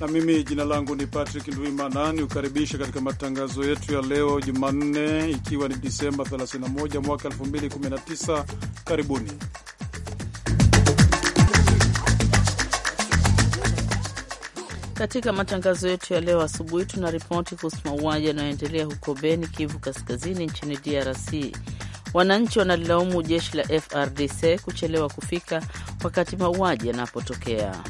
na mimi jina langu ni Patrick Ndwimana, ni kukaribisha katika matangazo yetu ya leo Jumanne, ikiwa ni Disemba 31 mwaka 2019. Karibuni katika matangazo yetu ya leo asubuhi. Tuna ripoti kuhusu mauaji yanayoendelea huko Beni, Kivu Kaskazini, nchini DRC. Wananchi wanalilaumu jeshi la FRDC kuchelewa kufika wakati mauaji yanapotokea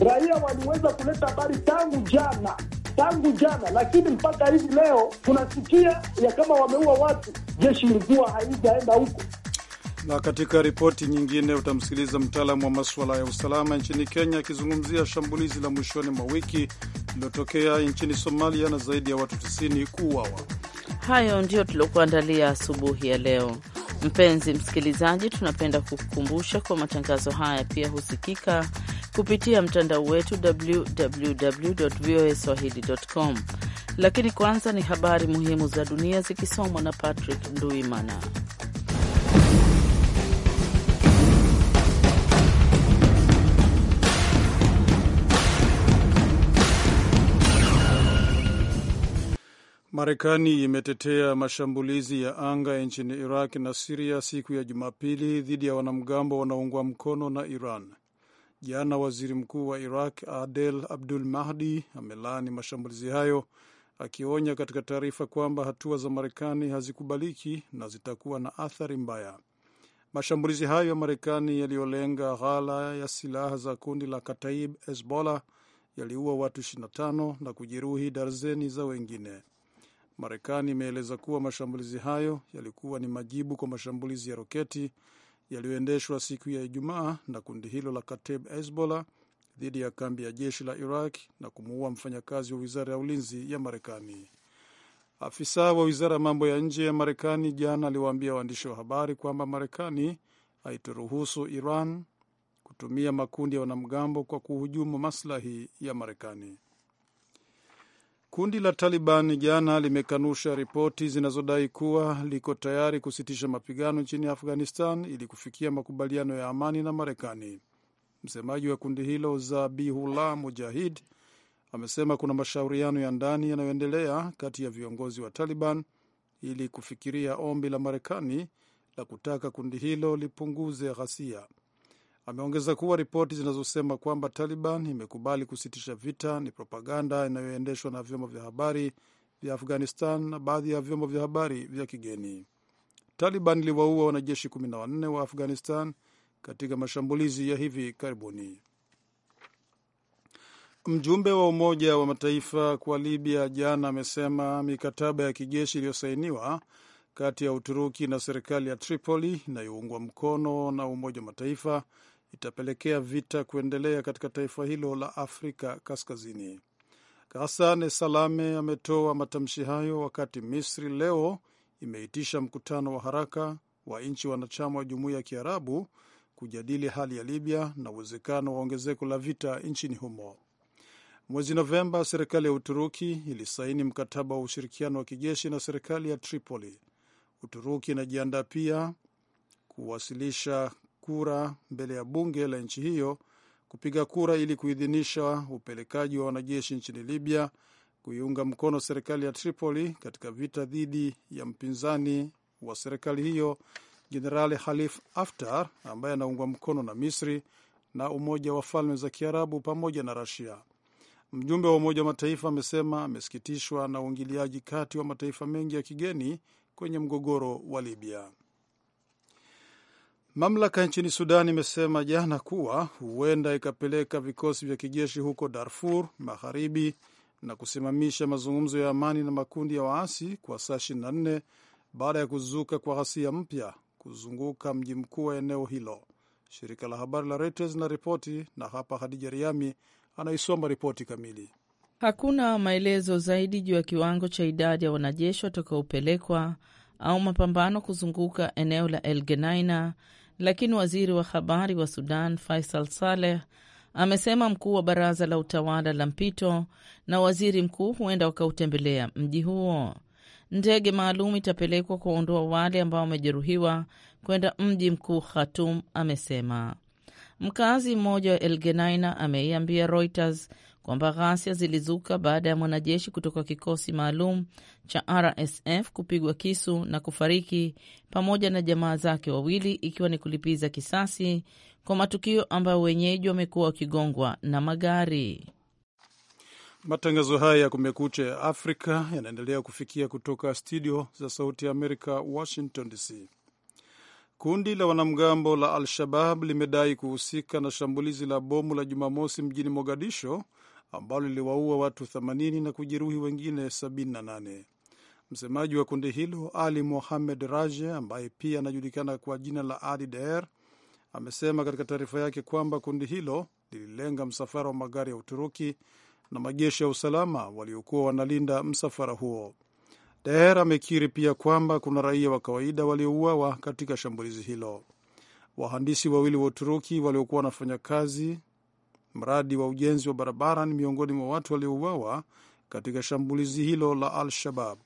raia waliweza kuleta habari tangu jana tangu jana, lakini mpaka hivi leo tunasikia ya kama wameua watu, jeshi ilikuwa haijaenda huko. Na katika ripoti nyingine, utamsikiliza mtaalamu wa masuala ya usalama nchini Kenya akizungumzia shambulizi la mwishoni mwa wiki lililotokea nchini Somalia na zaidi ya watu 90 kuuawa. Hayo ndiyo tuliokuandalia asubuhi ya leo. Mpenzi msikilizaji, tunapenda kukukumbusha kwa matangazo haya pia husikika kupitia mtandao wetu www voa swahili.com. Lakini kwanza ni habari muhimu za dunia zikisomwa na Patrick Nduimana. Marekani imetetea mashambulizi ya anga nchini Iraq na Siria siku ya Jumapili dhidi ya wanamgambo wanaoungwa mkono na Iran. Jana waziri mkuu wa Iraq Adel Abdul Mahdi amelaani mashambulizi hayo, akionya katika taarifa kwamba hatua za Marekani hazikubaliki na zitakuwa na athari mbaya. Mashambulizi hayo ya Marekani yaliyolenga ghala ya silaha za kundi la Kataib Hezbollah yaliua watu 25 na kujeruhi darzeni za wengine. Marekani imeeleza kuwa mashambulizi hayo yalikuwa ni majibu kwa mashambulizi ya roketi yaliyoendeshwa siku ya Ijumaa na kundi hilo la Kateb Hezbollah dhidi ya kambi ya jeshi la Iraq na kumuua mfanyakazi wa wizara ya ulinzi ya Marekani. Afisa wa wizara ya mambo ya nje ya Marekani jana aliwaambia waandishi wa habari kwamba Marekani haitoruhusu Iran kutumia makundi ya wanamgambo kwa kuhujumu maslahi ya Marekani. Kundi la Taliban jana limekanusha ripoti zinazodai kuwa liko tayari kusitisha mapigano nchini Afghanistan ili kufikia makubaliano ya amani na Marekani. Msemaji wa kundi hilo Zabihullah Mujahid amesema kuna mashauriano ya ndani yanayoendelea kati ya viongozi wa Taliban ili kufikiria ombi la Marekani la kutaka kundi hilo lipunguze ghasia. Ameongeza kuwa ripoti zinazosema kwamba Taliban imekubali kusitisha vita ni propaganda inayoendeshwa na vyombo vya habari vya Afghanistan na baadhi ya vyombo vya habari vya kigeni. Taliban iliwaua wanajeshi 14 wa Afghanistan katika mashambulizi ya hivi karibuni. Mjumbe wa Umoja wa Mataifa kwa Libya jana amesema mikataba ya kijeshi iliyosainiwa kati ya Uturuki na serikali ya Tripoli inayoungwa mkono na Umoja wa Mataifa itapelekea vita kuendelea katika taifa hilo la Afrika Kaskazini. Ghassan Salame ametoa matamshi hayo wakati Misri leo imeitisha mkutano wa haraka wa nchi wanachama wa jumuiya ya Kiarabu kujadili hali ya Libya na uwezekano wa ongezeko la vita nchini humo. Mwezi Novemba, serikali ya Uturuki ilisaini mkataba wa ushirikiano wa kijeshi na serikali ya Tripoli. Uturuki inajiandaa pia kuwasilisha kura mbele ya bunge la nchi hiyo kupiga kura ili kuidhinisha upelekaji wa wanajeshi nchini Libya kuiunga mkono serikali ya Tripoli katika vita dhidi ya mpinzani wa serikali hiyo Jenerali Khalif Haftar ambaye anaungwa mkono na Misri na Umoja wa Falme za Kiarabu pamoja na Rasia. Mjumbe wa Umoja wa Mataifa amesema amesikitishwa na uingiliaji kati wa mataifa mengi ya kigeni kwenye mgogoro wa Libya. Mamlaka nchini Sudan imesema jana kuwa huenda ikapeleka vikosi vya kijeshi huko Darfur Magharibi na kusimamisha mazungumzo ya amani na makundi ya waasi kwa saa 24 baada ya kuzuka kwa ghasia mpya kuzunguka mji mkuu wa eneo hilo. Shirika la habari la Reuters na ripoti na hapa, Hadija Riami anaisoma ripoti kamili. Hakuna maelezo zaidi juu ya kiwango cha idadi ya wanajeshi watakaopelekwa au mapambano kuzunguka eneo la El Geneina lakini waziri wa habari wa Sudan Faisal Saleh amesema mkuu wa baraza la utawala la mpito na waziri mkuu huenda wakautembelea mji huo. Ndege maalum itapelekwa kuwaondoa wale ambao wamejeruhiwa kwenda mji mkuu Khartoum, amesema. Mkazi mmoja wa Elgenaina ameiambia Reuters kwamba ghasia zilizuka baada ya mwanajeshi kutoka kikosi maalum cha RSF kupigwa kisu na kufariki pamoja na jamaa zake wawili, ikiwa ni kulipiza kisasi kwa matukio ambayo wenyeji wamekuwa wakigongwa na magari. Matangazo haya ya Kumekucha ya Afrika yanaendelea kufikia kutoka studio za Sauti ya Amerika, Washington DC. Kundi la wanamgambo la Al-Shabab limedai kuhusika na shambulizi la bomu la Jumamosi mjini Mogadisho ambalo liliwaua watu 80 na kujeruhi wengine 78. Msemaji wa kundi hilo Ali Mohamed Raje, ambaye pia anajulikana kwa jina la Ali Daer, amesema katika taarifa yake kwamba kundi hilo lililenga msafara wa magari ya Uturuki na majeshi ya usalama waliokuwa wanalinda msafara huo. Daher amekiri pia kwamba kuna raia wa kawaida waliouawa katika shambulizi hilo. Wahandisi wawili wa Uturuki waliokuwa wanafanya kazi mradi wa ujenzi wa barabara ni miongoni mwa watu waliouawa katika shambulizi hilo la Al-Shabab.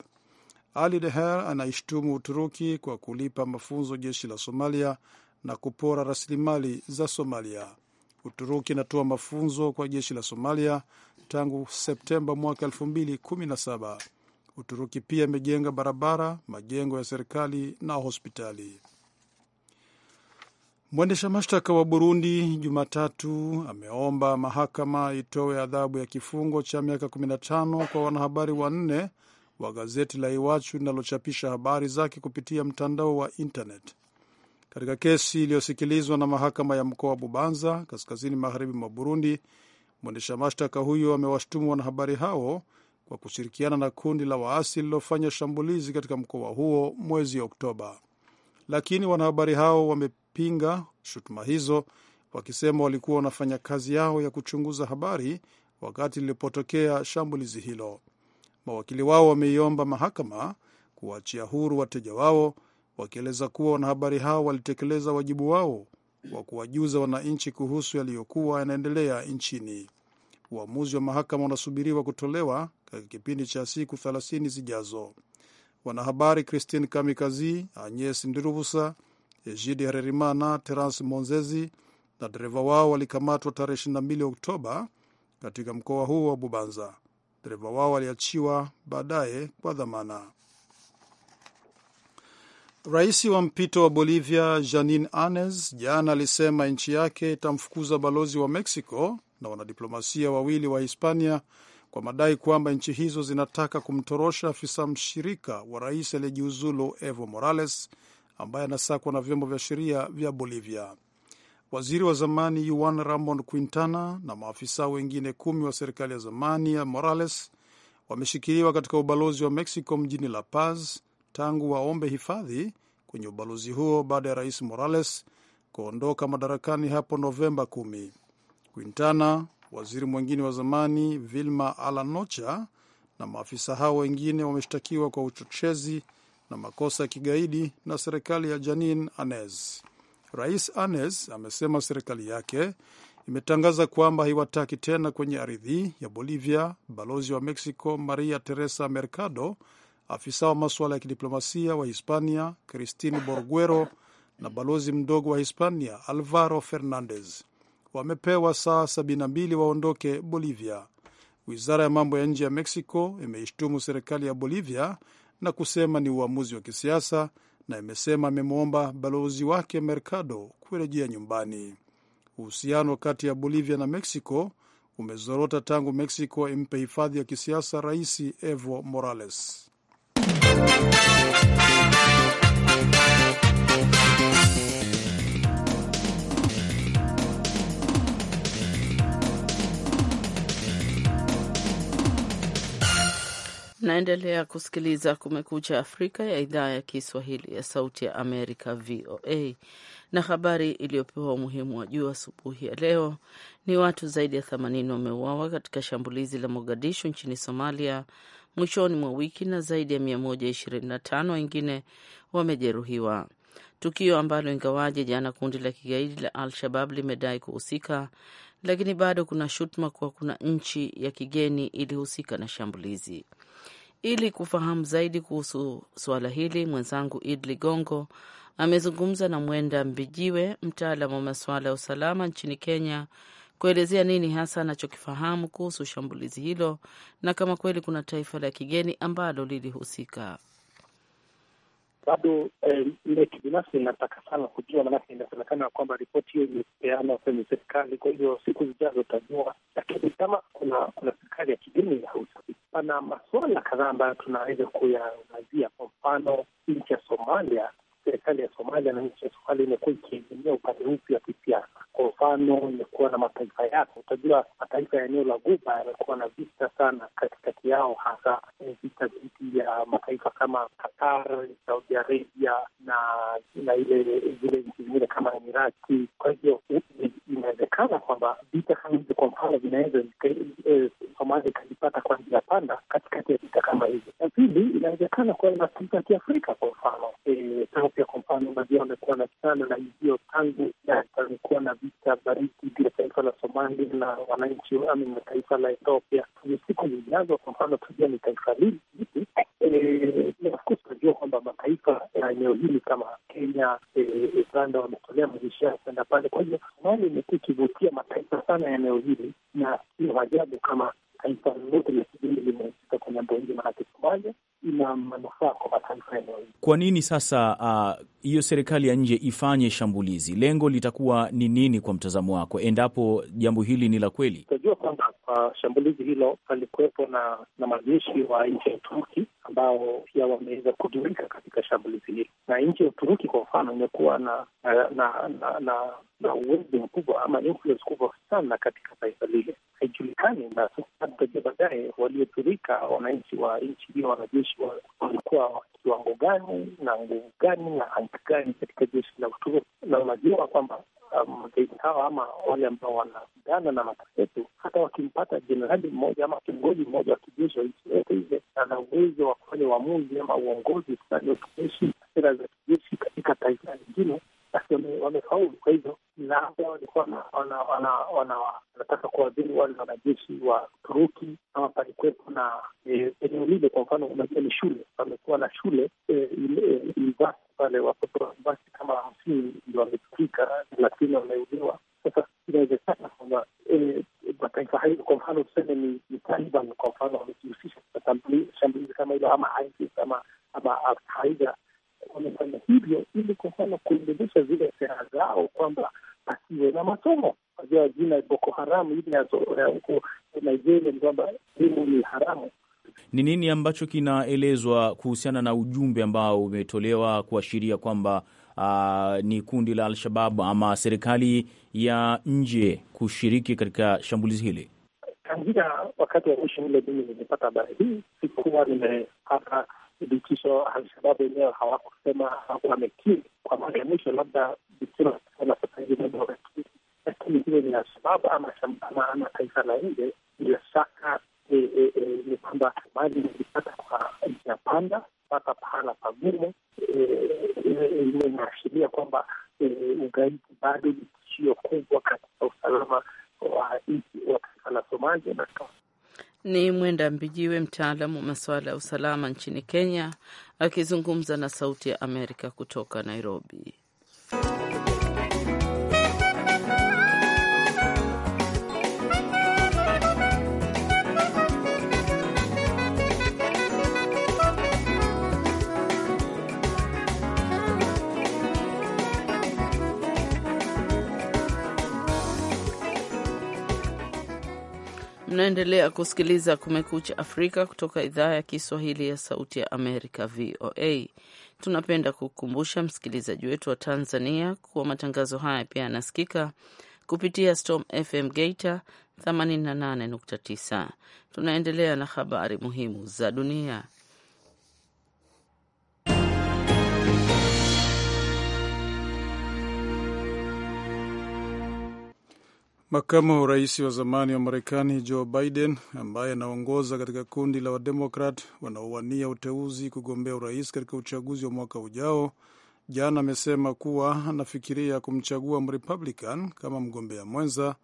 Ali Deher anaishtumu Uturuki kwa kulipa mafunzo jeshi la Somalia na kupora rasilimali za Somalia. Uturuki inatoa mafunzo kwa jeshi la Somalia tangu Septemba mwaka 2017. Uturuki pia imejenga barabara, majengo ya serikali na hospitali. Mwendesha mashtaka wa Burundi Jumatatu ameomba mahakama itoe adhabu ya kifungo cha miaka 15 kwa wanahabari wanne wa gazeti la Iwachu linalochapisha habari zake kupitia mtandao wa internet. Katika kesi iliyosikilizwa na mahakama ya mkoa wa Bubanza, kaskazini magharibi mwa Burundi, mwendesha mashtaka huyo amewashtumu wanahabari hao kwa kushirikiana na kundi la waasi lililofanya shambulizi katika mkoa huo mwezi Oktoba, lakini wanahabari hao wame kupinga shutuma hizo wakisema walikuwa wanafanya kazi yao ya kuchunguza habari wakati lilipotokea shambulizi hilo. Mawakili wao wameiomba mahakama kuwachia huru wateja wao, wakieleza kuwa wanahabari hao walitekeleza wajibu wao wa kuwajuza wananchi kuhusu yaliyokuwa yanaendelea nchini. Uamuzi wa mahakama unasubiriwa kutolewa katika kipindi cha siku 30 zijazo. Wanahabari Christine Kamikazi, Agnes Ndirubusa Egidi Harerimana, Terence Monzezi na dereva wao walikamatwa tarehe 22 Oktoba katika mkoa huo wa Bubanza. Dereva wao waliachiwa baadaye kwa dhamana. Rais wa mpito wa Bolivia Janin Anes jana alisema nchi yake itamfukuza balozi wa Mexico na wanadiplomasia wawili wa Hispania kwa madai kwamba nchi hizo zinataka kumtorosha afisa mshirika wa rais aliyejiuzulu Evo Morales ambaye anasakwa na vyombo vya sheria vya Bolivia. Waziri wa zamani Juan Ramon Quintana na maafisa wengine kumi wa serikali ya zamani ya Morales wameshikiliwa katika ubalozi wa Mexico mjini La Paz tangu waombe hifadhi kwenye ubalozi huo baada ya rais Morales kuondoka madarakani hapo Novemba 10. Quintana, waziri mwingine wa zamani Vilma Alanocha na maafisa hao wengine wameshtakiwa kwa uchochezi na makosa ya kigaidi na serikali ya Janin Anes. Rais Anes amesema serikali yake imetangaza kwamba haiwataki tena kwenye ardhi ya Bolivia balozi wa Mexico Maria Teresa Mercado, afisa wa masuala ya kidiplomasia wa Hispania cristine Borguero na balozi mdogo wa Hispania Alvaro Fernandez. Wamepewa saa 72 waondoke Bolivia. Wizara ya mambo ya nje ya Mexico imeishtumu serikali ya Bolivia na kusema ni uamuzi wa kisiasa, na imesema amemwomba balozi wake Mercado kurejea nyumbani. Uhusiano kati ya Bolivia na Mexico umezorota tangu Mexico impe hifadhi ya kisiasa Rais Evo Morales. Naendelea kusikiliza Kumekucha Afrika ya idhaa ya Kiswahili ya Sauti ya Amerika, VOA. Na habari iliyopewa umuhimu wa juu asubuhi ya leo ni watu zaidi ya 80 wameuawa katika shambulizi la Mogadishu nchini Somalia mwishoni mwa wiki na zaidi ya 125 wengine wamejeruhiwa, tukio ambalo ingawaje jana kundi la kigaidi la Al Shabab limedai kuhusika lakini bado kuna shutuma kuwa kuna nchi ya kigeni ilihusika na shambulizi. Ili kufahamu zaidi kuhusu suala hili, mwenzangu Id Ligongo amezungumza na Mwenda Mbijiwe, mtaalamu wa masuala ya usalama nchini Kenya, kuelezea nini hasa anachokifahamu kuhusu shambulizi hilo na kama kweli kuna taifa la kigeni ambalo lilihusika bado ile eh, kibinafsi inataka sana kujua, maanake inasemekana ya kwamba ripoti hiyo imepeanwa kwenye serikali. Kwa hivyo siku zijazo utajua, lakini kama kuna kuna serikali ya kidini ya usafi, pana masuala kadhaa ambayo tunaweza kuyaangazia. Kwa mfano nchi ya Somalia serikali ya Somalia na nchi ya Somalia imekuwa ikiegemea upande upi wa kisiasa. Kwa mfano, imekuwa na mataifa yake, utajua mataifa ya eneo la Guba yamekuwa na vita sana katikati yao, hasa eh, vita dhidi ya mataifa kama Qatar, Saudi Arabia na na ile zile nchi zingine kama Emirati. Kwa hivyo inawezekana kwamba vita kama hivyo, kwa mfano, vinaweza eh, Somalia ikajipata kwa njia panda katikati ya vita kama hivyo. Ya pili, inawezekana kuwa mataifa ya Kiafrika kwa mfano Ethiopia kwa mfano, baadhi yao wamekuwa sana na hivyo tangu amekuwa na vita baridi vya taifa la Somali na wananchi ami na taifa la Ethiopia. Kwenye siku zijazo, kwa mfano, tujua ni taifa lili vipi. Eh, of course tunajua kwamba mataifa ya eneo hili kama Kenya, eh, Uganda wametolea majeshi yao kwenda pale. Kwa hiyo Somali imekuwa ikivutia mataifa sana ya eneo hili, na sio ajabu kama taifa lolote la kigeni limehusika kwenye jambo hili, maanake Somalia ina manufaa kwa mataifa ya eneo hili. Kwa nini sasa uh, hiyo uh, serikali ya nje ifanye shambulizi? Lengo litakuwa ni nini kwa mtazamo wako, endapo jambo hili ni la kweli? Tunajua kwamba kwa shambulizi hilo palikuwepo na, na majeshi wa nchi ya Uturuki ambao pia wameweza kujurika katika shambulizi hilo, na nchi ya Uturuki kwa mfano imekuwa na na na, na, na, na uwezo mkubwa ama influence kubwa sana katika taifa lile haijulikani, na sasa baadaye walioathirika wananchi wa nchi hiyo, wanajeshi walikuwa wa kiwango gani na nguvu gani na aina gani katika jeshi la Uturuki, na unajua kwamba magaidi um, hawa ama wale ambao wanapigana na matasetu, hata wakimpata jenerali mmoja ama kiongozi mmoja wa kijeshi wa nchi yote ile, ana uwezo wa kufanya uamuzi ama uongozi fulani wa kijeshi, sera za kijeshi katika taifa lingine, basi wamefaulu. Kwa hivyo, labda walikuwa wana wanataka kuwadhiri wale wanajeshi wa Turuki ama palikuwepo na e, eneo lile. Kwa mfano, unajua ni shule, pamekuwa na shule e, e, university pale, watoto wa university kama hamsini ndio wamefikika, thelathini wameuliwa. Sasa inawezekana kwamba mataifa hayo, kwa mfano tuseme ni, Taliban kwa mfano wamejihusisha shambulizi kama hilo ama ISIS ama ama Alqaida wamefanya hivyo ili kwa mfano kuendelesha zile sera zao kwamba pasiwe na masomo kupewa jina Boko Haramu ili huko Nigeria ni kwamba elimu ni haramu. Ni nini ambacho kinaelezwa kuhusiana na ujumbe ambao umetolewa kuashiria kwamba uh, ni kundi la al ama serikali ya nje kushiriki katika shambulizi hili? Tangia wakati wa mwisho ule mimi nimepata habari hii, sikuwa nimepata dhibitisho. Alshababu wenyewe hawakusema, hawakuwa wamekiri kwa mara ya mwisho, labda sasa hivi lakini hiyo ni ya sababu ama, ama, ama taifa la nje ndiyo saka e, e, e, ni kwamba mali inajipata kwa njia panda mpaka pahala pagumu. E, e, e, hiyo inaashiria kwamba ugaidi bado ni tishio kubwa katika usalama wa nchi wa taifa la Somalia na ni Mwenda Mbijiwe, mtaalamu wa masuala ya usalama nchini Kenya, akizungumza na Sauti ya Amerika kutoka Nairobi. Mnaendelea kusikiliza Kumekucha Afrika kutoka idhaa ya Kiswahili ya Sauti ya Amerika, VOA. Tunapenda kukumbusha msikilizaji wetu wa Tanzania kuwa matangazo haya pia yanasikika kupitia Storm FM Geita 88.9. Tunaendelea na habari muhimu za dunia. Makamu rais wa zamani wa Marekani Joe Biden ambaye anaongoza katika kundi la Wademokrat wanaowania uteuzi kugombea urais katika uchaguzi wa mwaka ujao, jana amesema kuwa anafikiria kumchagua Mrepublican kama mgombea mwenza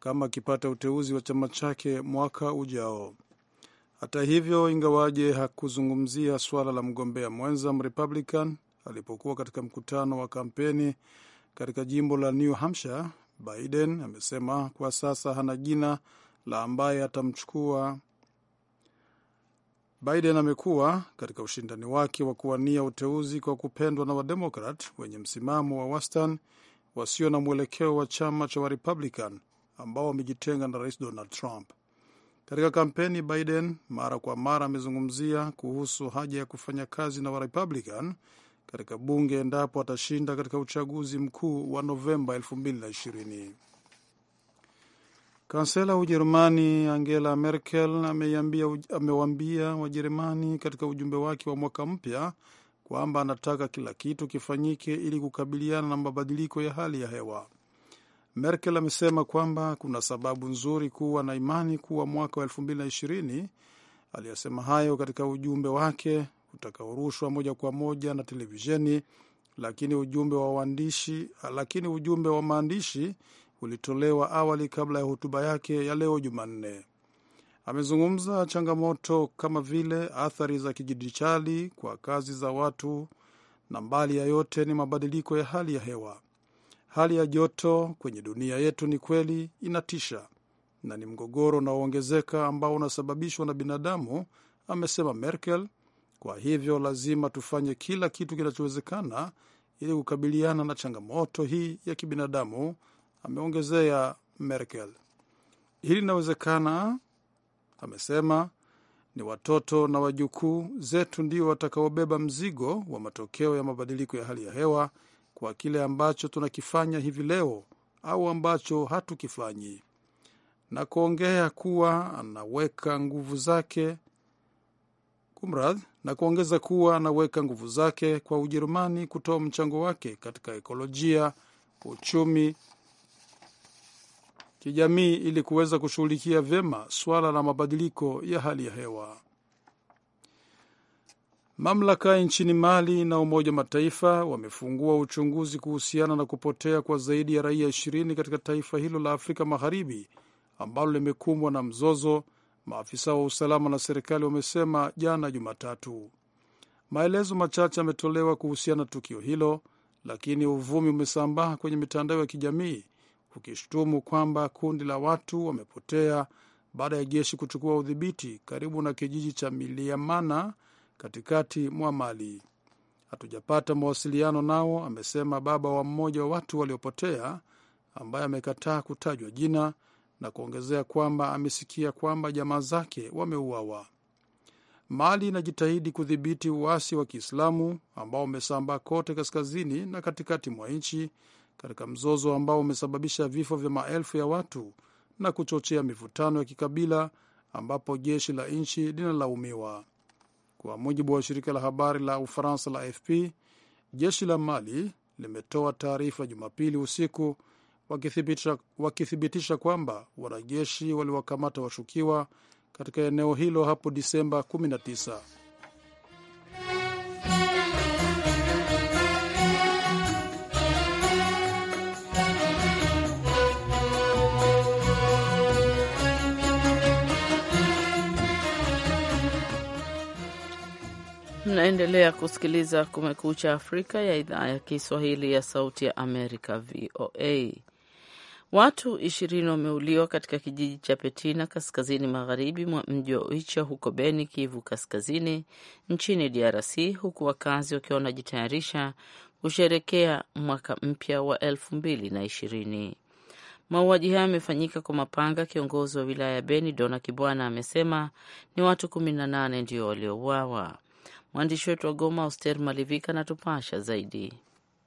kama akipata uteuzi wa chama chake mwaka ujao. Hata hivyo, ingawaje hakuzungumzia suala la mgombea mwenza Mrepublican alipokuwa katika mkutano wa kampeni katika jimbo la New Hampshire, Biden amesema kwa sasa hana jina la ambaye atamchukua. Biden amekuwa katika ushindani wake wa kuwania uteuzi kwa kupendwa na Wademokrat wenye msimamo wa wastani wasio na mwelekeo wa chama cha Warepublican ambao wamejitenga na Rais Donald Trump. Katika kampeni, Biden mara kwa mara amezungumzia kuhusu haja ya kufanya kazi na Warepublican katika bunge endapo atashinda katika uchaguzi mkuu wa Novemba 2020. Kansela wa Ujerumani Angela Merkel amewaambia Wajerumani katika ujumbe wake wa mwaka mpya kwamba anataka kila kitu kifanyike ili kukabiliana na mabadiliko ya hali ya hewa. Merkel amesema kwamba kuna sababu nzuri kuwa na imani kuwa mwaka wa 2020. Aliyasema hayo katika ujumbe wake utakaorushwa moja kwa moja na televisheni, lakini ujumbe wa waandishi, lakini ujumbe wa maandishi ulitolewa awali kabla ya hotuba yake ya leo Jumanne. Amezungumza changamoto kama vile athari za kidijitali kwa kazi za watu na mbali ya yote ni mabadiliko ya hali ya hewa. Hali ya joto kwenye dunia yetu ni kweli inatisha, na ni mgogoro unaoongezeka ambao unasababishwa na binadamu, amesema Merkel kwa hivyo lazima tufanye kila kitu kinachowezekana ili kukabiliana na changamoto hii ya kibinadamu, ameongezea Merkel. Hili linawezekana, amesema. Ni watoto na wajukuu zetu ndio watakaobeba mzigo wa matokeo ya mabadiliko ya hali ya hewa kwa kile ambacho tunakifanya hivi leo au ambacho hatukifanyi, na kuongea kuwa anaweka nguvu zake kumradhi, na kuongeza kuwa anaweka nguvu zake kwa Ujerumani kutoa mchango wake katika ekolojia, uchumi, kijamii ili kuweza kushughulikia vyema suala la mabadiliko ya hali ya hewa. Mamlaka nchini Mali na Umoja wa Mataifa wamefungua uchunguzi kuhusiana na kupotea kwa zaidi ya raia ishirini katika taifa hilo la Afrika Magharibi ambalo limekumbwa na mzozo maafisa wa usalama na serikali wamesema jana Jumatatu. Maelezo machache yametolewa kuhusiana na tukio hilo, lakini uvumi umesambaa kwenye mitandao ya kijamii ukishutumu kwamba kundi la watu wamepotea baada ya jeshi kuchukua udhibiti karibu na kijiji cha Miliamana katikati mwa Mali. Hatujapata mawasiliano nao, amesema baba wa mmoja wa watu waliopotea ambaye amekataa kutajwa jina na kuongezea kwamba amesikia kwamba jamaa zake wameuawa. Mali inajitahidi kudhibiti uasi wa Kiislamu ambao umesambaa kote kaskazini na katikati mwa nchi katika mzozo ambao umesababisha vifo vya maelfu ya watu na kuchochea mivutano ya kikabila ambapo jeshi la nchi linalaumiwa. Kwa mujibu wa shirika la habari la Ufaransa la AFP, jeshi la Mali limetoa taarifa Jumapili usiku wakithibitisha, wakithibitisha kwamba wanajeshi waliwakamata washukiwa katika eneo hilo hapo Disemba 19. Mnaendelea kusikiliza Kumekucha Afrika ya idhaa ya Kiswahili ya Sauti ya Amerika, VOA. Watu ishirini wameuliwa katika kijiji cha Petina kaskazini magharibi mwa mji wa uicha huko Beni, Kivu Kaskazini nchini DRC, huku wakazi wakiwa wanajitayarisha kusherekea mwaka mpya wa elfu mbili na ishirini. Mauaji hayo yamefanyika kwa mapanga. Kiongozi wa wilaya ya Beni Dona Kibwana amesema ni watu kumi na nane ndio waliouawa. Mwandishi wetu wa Goma Auster Malivika anatupasha zaidi.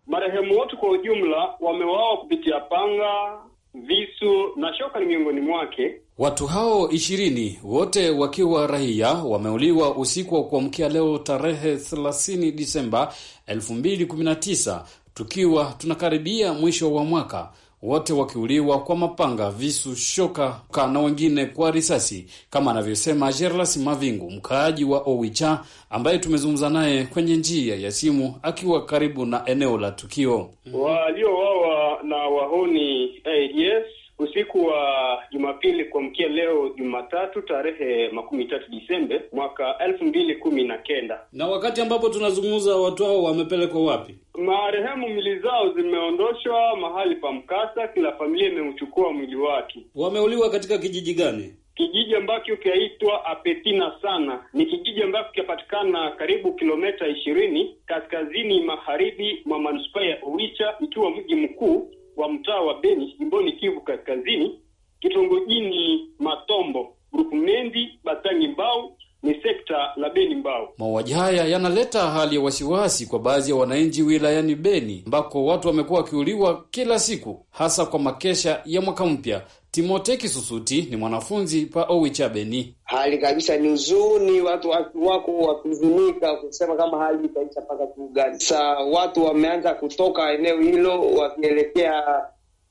Marehemu wote kwa ujumla wamewawa kupitia panga visu na shoka ni miongoni mwake. Watu hao ishirini wote wakiwa raia wameuliwa usiku wa kuamkia leo tarehe 30 Disemba 2019 tukiwa tunakaribia mwisho wa mwaka, wote wakiuliwa kwa mapanga, visu, shoka na wengine kwa risasi, kama anavyosema Gerlas Mavingu, mkaaji wa Owicha, ambaye tumezungumza naye kwenye njia ya simu akiwa karibu na eneo la tukio. Waliowawa na wahuni ADF eh, usiku wa Jumapili kuamkia leo Jumatatu tarehe makumi tatu Disembe mwaka elfu mbili kumi na kenda. Na wakati ambapo tunazungumza watu hao wamepelekwa wapi? Marehemu mili zao zimeondoshwa mahali pa mkasa, kila familia imemchukua mwili wake. Wameuliwa katika kijiji gani? kijiji ambacho kinaitwa Apetina sana ni kijiji ambacho kinapatikana karibu kilomita ishirini kaskazini magharibi mwa manispaa ya Oicha, ikiwa mji mkuu wa mtaa wa Beni jimboni Kivu Kaskazini, kitongojini Matombo, Rukumendi, Batangi Mbau ni sekta la Beni Mbao. Mauaji haya yanaleta hali ya wasiwasi kwa baadhi ya wananchi wilayani Beni, ambako watu wamekuwa wakiuliwa kila siku, hasa kwa makesha ya mwaka mpya. Timote Kisusuti ni mwanafunzi pa Owicha Beni. Hali kabisa ni huzuni, watu wako wakihuzunika kusema kama hali itaisha mpaka kitu gani. Sa watu wameanza kutoka eneo hilo wakielekea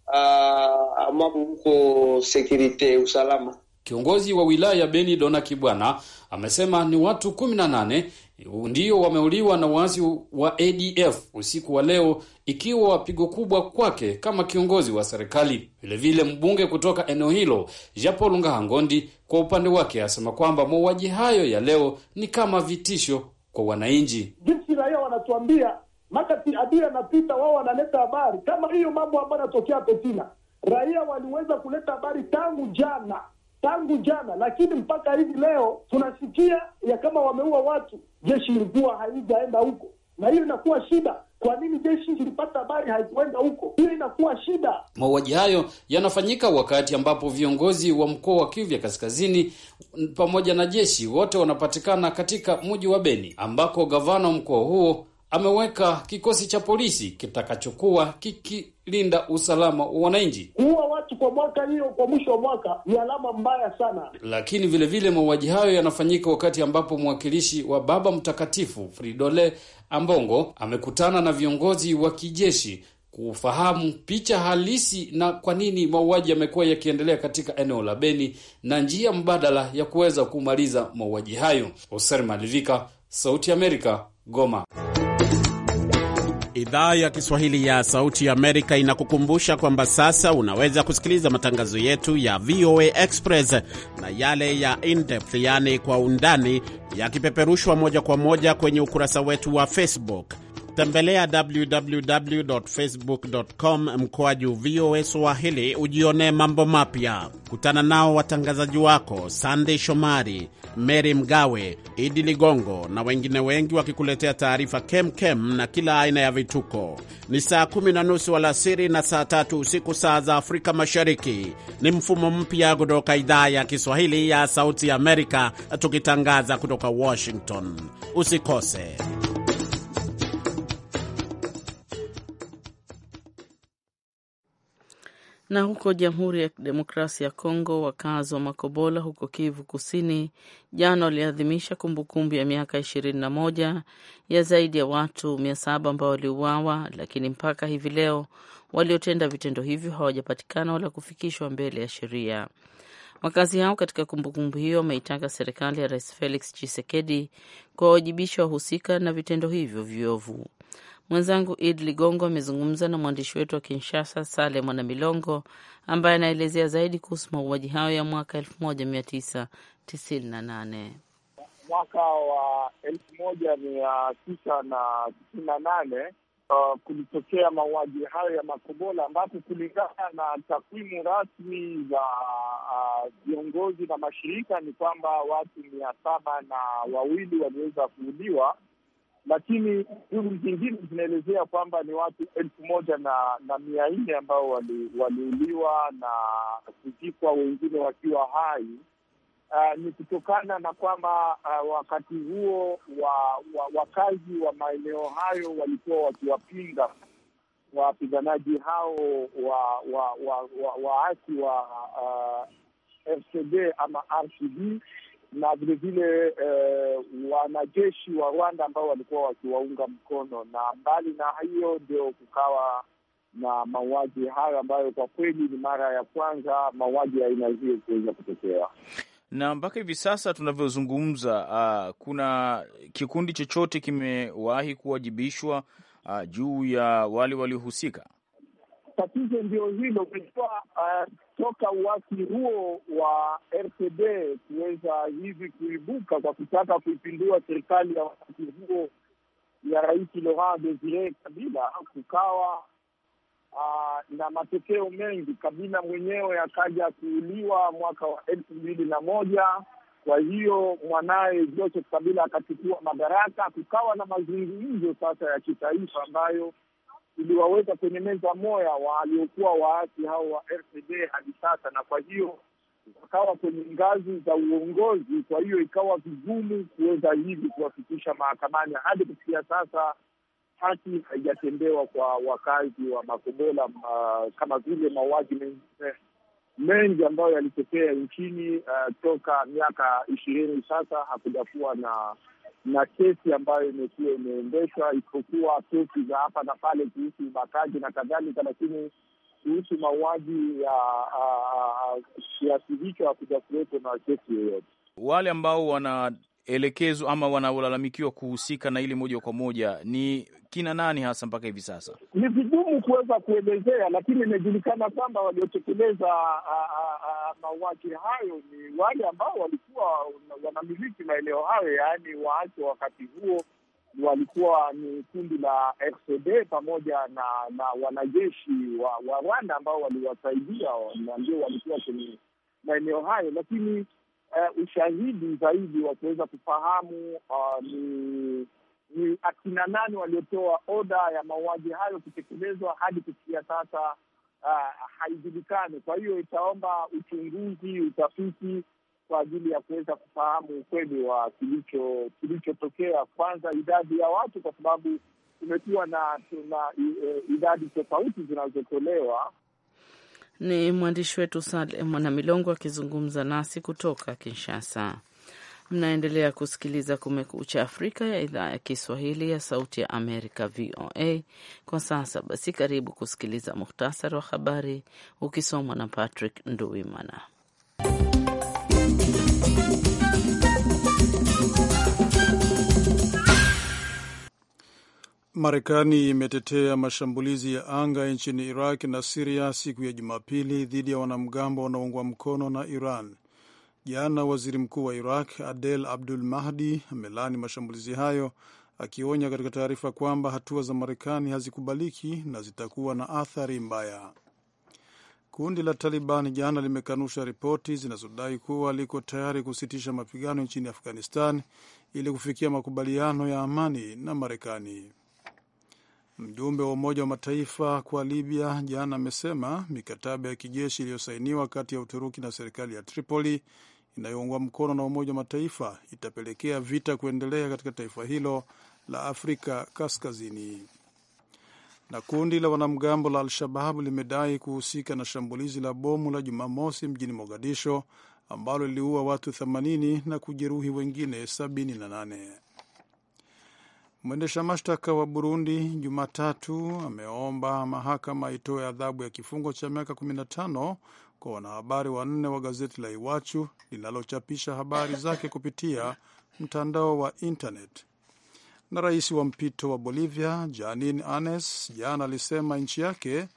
uh, ah, ambapo huko sekurite usalama Kiongozi wa wilaya ya Beni Dona Kibwana amesema ni watu 18 ndio wameuliwa na waasi wa ADF usiku wa leo, ikiwa pigo kubwa kwake kama kiongozi wa serikali. Vilevile mbunge kutoka eneo hilo Japol Ngahangondi kwa upande wake asema kwamba mauaji hayo ya leo ni kama vitisho kwa wananchi. Jinsi raia wanatuambia makati adui anapita, wao wanaleta habari kama hiyo mambo ambayo Petina. Raia waliweza kuleta habari tangu jana tangu jana, lakini mpaka hivi leo tunasikia ya kama wameua watu, jeshi ilikuwa haijaenda huko, na hiyo inakuwa shida. Kwa nini jeshi ilipata habari haikuenda huko? Hiyo inakuwa shida. Mauaji hayo yanafanyika wakati ambapo viongozi wa mkoa wa Kivu ya Kaskazini pamoja na jeshi wote wanapatikana katika mji wa Beni ambako gavana mkoa huo ameweka kikosi cha polisi kitakachokuwa kikilinda usalama wa wananchi. Kuua watu kwa mwaka hiyo, kwa mwisho wa mwaka ni alama mbaya sana. Lakini vilevile mauaji hayo yanafanyika wakati ambapo mwakilishi wa Baba Mtakatifu Fridole Ambongo amekutana na viongozi wa kijeshi kufahamu picha halisi na kwa nini mauaji yamekuwa yakiendelea katika eneo la Beni na njia mbadala ya kuweza kumaliza mauaji hayo. Hoser Malivika, Sauti ya Amerika, Goma. Idhaa ya Kiswahili ya Sauti ya Amerika inakukumbusha kwamba sasa unaweza kusikiliza matangazo yetu ya VOA Express na yale ya in-depth, yaani kwa undani, yakipeperushwa moja kwa moja kwenye ukurasa wetu wa Facebook. Tembelea www facebookcom mkoaju VOA Swahili ujionee mambo mapya. Kutana nao watangazaji wako Sandey Shomari Mary Mgawe, Idi Ligongo na wengine wengi wakikuletea taarifa kem kem na kila aina ya vituko. Ni saa kumi na nusu alasiri na saa tatu usiku saa za Afrika Mashariki. Ni mfumo mpya kutoka idhaa ya Kiswahili ya Sauti ya Amerika, tukitangaza kutoka Washington. Usikose. Na huko Jamhuri ya Demokrasia ya Kongo, wakazi wa Makobola huko Kivu Kusini jana waliadhimisha kumbukumbu ya miaka ishirini na moja ya zaidi ya watu mia saba ambao waliuawa, lakini mpaka hivi leo waliotenda vitendo hivyo hawajapatikana wala kufikishwa mbele ya sheria. Wakazi hao katika kumbukumbu hiyo wameitaka serikali ya Rais Felix Tshisekedi kuwawajibisha wahusika na vitendo hivyo viovu. Mwenzangu Id Ligongo amezungumza na mwandishi wetu wa Kinshasa, Sale Mwana Milongo, ambaye anaelezea zaidi kuhusu mauaji hayo ya mwaka elfu moja mia tisa tisini na nane. Mwaka wa elfu moja mia tisa na tisini na nane uh, kulitokea mauaji hayo ya Makobola, ambapo kulingana na takwimu rasmi za uh, viongozi uh, na mashirika ni kwamba watu mia saba na wawili waliweza kuuliwa lakini duru zingine zinaelezea kwamba ni watu elfu moja na, na mia nne ambao waliuliwa wali na kuzikwa, wengine wakiwa hai. Uh, ni kutokana na kwamba uh, wakati huo wa, wa, wakazi wa maeneo hayo walikuwa wakiwapinga wapiganaji hao wa, wa, wa, wa, wa, wa, wa uh, FCD ama RCD na vilevile eh, wanajeshi wa Rwanda ambao walikuwa wakiwaunga mkono, na mbali na hiyo ndio kukawa na mauaji hayo ambayo kwa kweli ni mara ya kwanza mauaji ya aina hiyo kuweza kutokea. Na mpaka hivi sasa tunavyozungumza, uh, kuna kikundi chochote kimewahi kuwajibishwa uh, juu ya wale waliohusika? tatizo ndio hilo ilikuwa uh, toka uasi huo wa RCD kuweza hivi kuibuka kwa kutaka kuipindua serikali ya wakati huo ya Rais Laurent Desire Kabila, kukawa uh, na matokeo mengi. Kabila mwenyewe akaja kuuliwa mwaka wa elfu mbili na moja. Kwa hiyo mwanaye Joseph Kabila akachukua madaraka, kukawa na mazungumzo sasa ya kitaifa ambayo iliwaweka kwenye meza moya waliokuwa waasi hao wa RCD hadi sasa, na kwa hiyo wakawa kwenye ngazi za uongozi. Kwa hiyo ikawa vigumu kuweza hivi kuwafikisha mahakamani. Hadi kufikia sasa haki haijatendewa kwa wakazi wa Makobola, uh, kama vile mauaji mengi ambayo yalitokea nchini uh, toka miaka ishirini sasa hakujakuwa na na kesi ambayo imekuwa imeendeshwa, isipokuwa kesi za hapa na pale kuhusu ubakaji na kadhalika, lakini kuhusu mauaji ya kiasi hicho hakuja kuwepo na kesi yoyote. Wale ambao wanaelekezwa ama wanaolalamikiwa kuhusika na ili moja kwa moja ni kina nani hasa? Mpaka hivi sasa ni vigumu kuweza kuelezea, lakini imejulikana kwamba waliotekeleza mauaji hayo ni wale ambao walikuwa wanamiliki maeneo hayo, yaani waasi wa wakati huo walikuwa ni kundi la FCD pamoja na na wanajeshi wa Rwanda ambao waliwasaidia na ndio walikuwa kwenye maeneo hayo, lakini uh, ushahidi zaidi wa kuweza kufahamu uh, ni ni akina nani waliotoa oda ya mauaji hayo kutekelezwa hadi kufikia sasa uh, haijulikani. Kwa hiyo itaomba uchunguzi, utafiti kwa ajili ya kuweza kufahamu ukweli wa kilicho kilichotokea, kwanza idadi ya watu, kwa sababu kumekuwa na tuna e, idadi tofauti zinazotolewa. Ni mwandishi wetu Saleh Mwanamilongo akizungumza nasi kutoka Kinshasa. Mnaendelea kusikiliza Kumekucha Afrika ya idhaa ya Kiswahili ya Sauti ya Amerika, VOA. Kwa sasa basi, karibu kusikiliza muhtasari wa habari ukisomwa na Patrick Nduwimana. Marekani imetetea mashambulizi ya anga nchini Iraq na Siria siku ya Jumapili dhidi ya wanamgambo wanaoungwa mkono na Iran Jana waziri mkuu wa Iraq Adel Abdul Mahdi amelaani mashambulizi hayo, akionya katika taarifa kwamba hatua za Marekani hazikubaliki na zitakuwa na athari mbaya. Kundi la Taliban jana limekanusha ripoti zinazodai kuwa liko tayari kusitisha mapigano nchini Afghanistan ili kufikia makubaliano ya amani na Marekani. Mjumbe wa Umoja wa Mataifa kwa Libya jana amesema mikataba ya kijeshi iliyosainiwa kati ya Uturuki na serikali ya Tripoli inayoungwa mkono na Umoja wa Mataifa itapelekea vita kuendelea katika taifa hilo la Afrika Kaskazini. Na kundi la wanamgambo la al shababu limedai kuhusika na shambulizi la bomu la Jumamosi mjini Mogadisho ambalo liliua watu 80 na kujeruhi wengine 78. Mwendesha mashtaka wa Burundi Jumatatu ameomba mahakama itoe adhabu ya kifungo cha miaka kwa wanahabari wanne wa gazeti la Iwachu linalochapisha habari zake kupitia mtandao wa internet. Na rais wa mpito wa Bolivia Janin Anes jana alisema nchi yake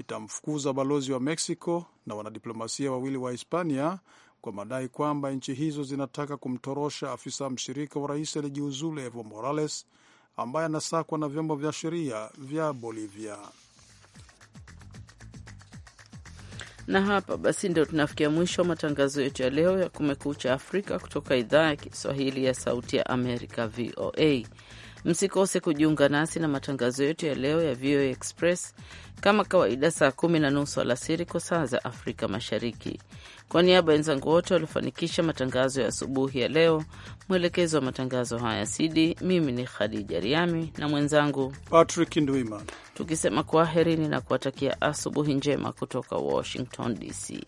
itamfukuza balozi wa Mexico na wanadiplomasia wawili wa Hispania kwa madai kwamba nchi hizo zinataka kumtorosha afisa mshirika wa rais alijiuzulu Evo Morales ambaye anasakwa na vyombo vya sheria vya Bolivia. Na hapa basi ndio tunafikia mwisho wa matangazo yetu ya leo ya Kumekucha Afrika kutoka idhaa ya Kiswahili ya Sauti ya Amerika, VOA. Msikose kujiunga nasi na matangazo yetu ya leo ya VOA Express kama kawaida, saa kumi na nusu alasiri kwa saa za Afrika Mashariki. Kwa niaba ya wenzangu wote waliofanikisha matangazo ya asubuhi ya leo, mwelekezo wa matangazo haya Sidi, mimi ni Khadija Riami na mwenzangu Patrick Ndwiman, tukisema kwaherini na kuwatakia asubuhi njema kutoka Washington DC.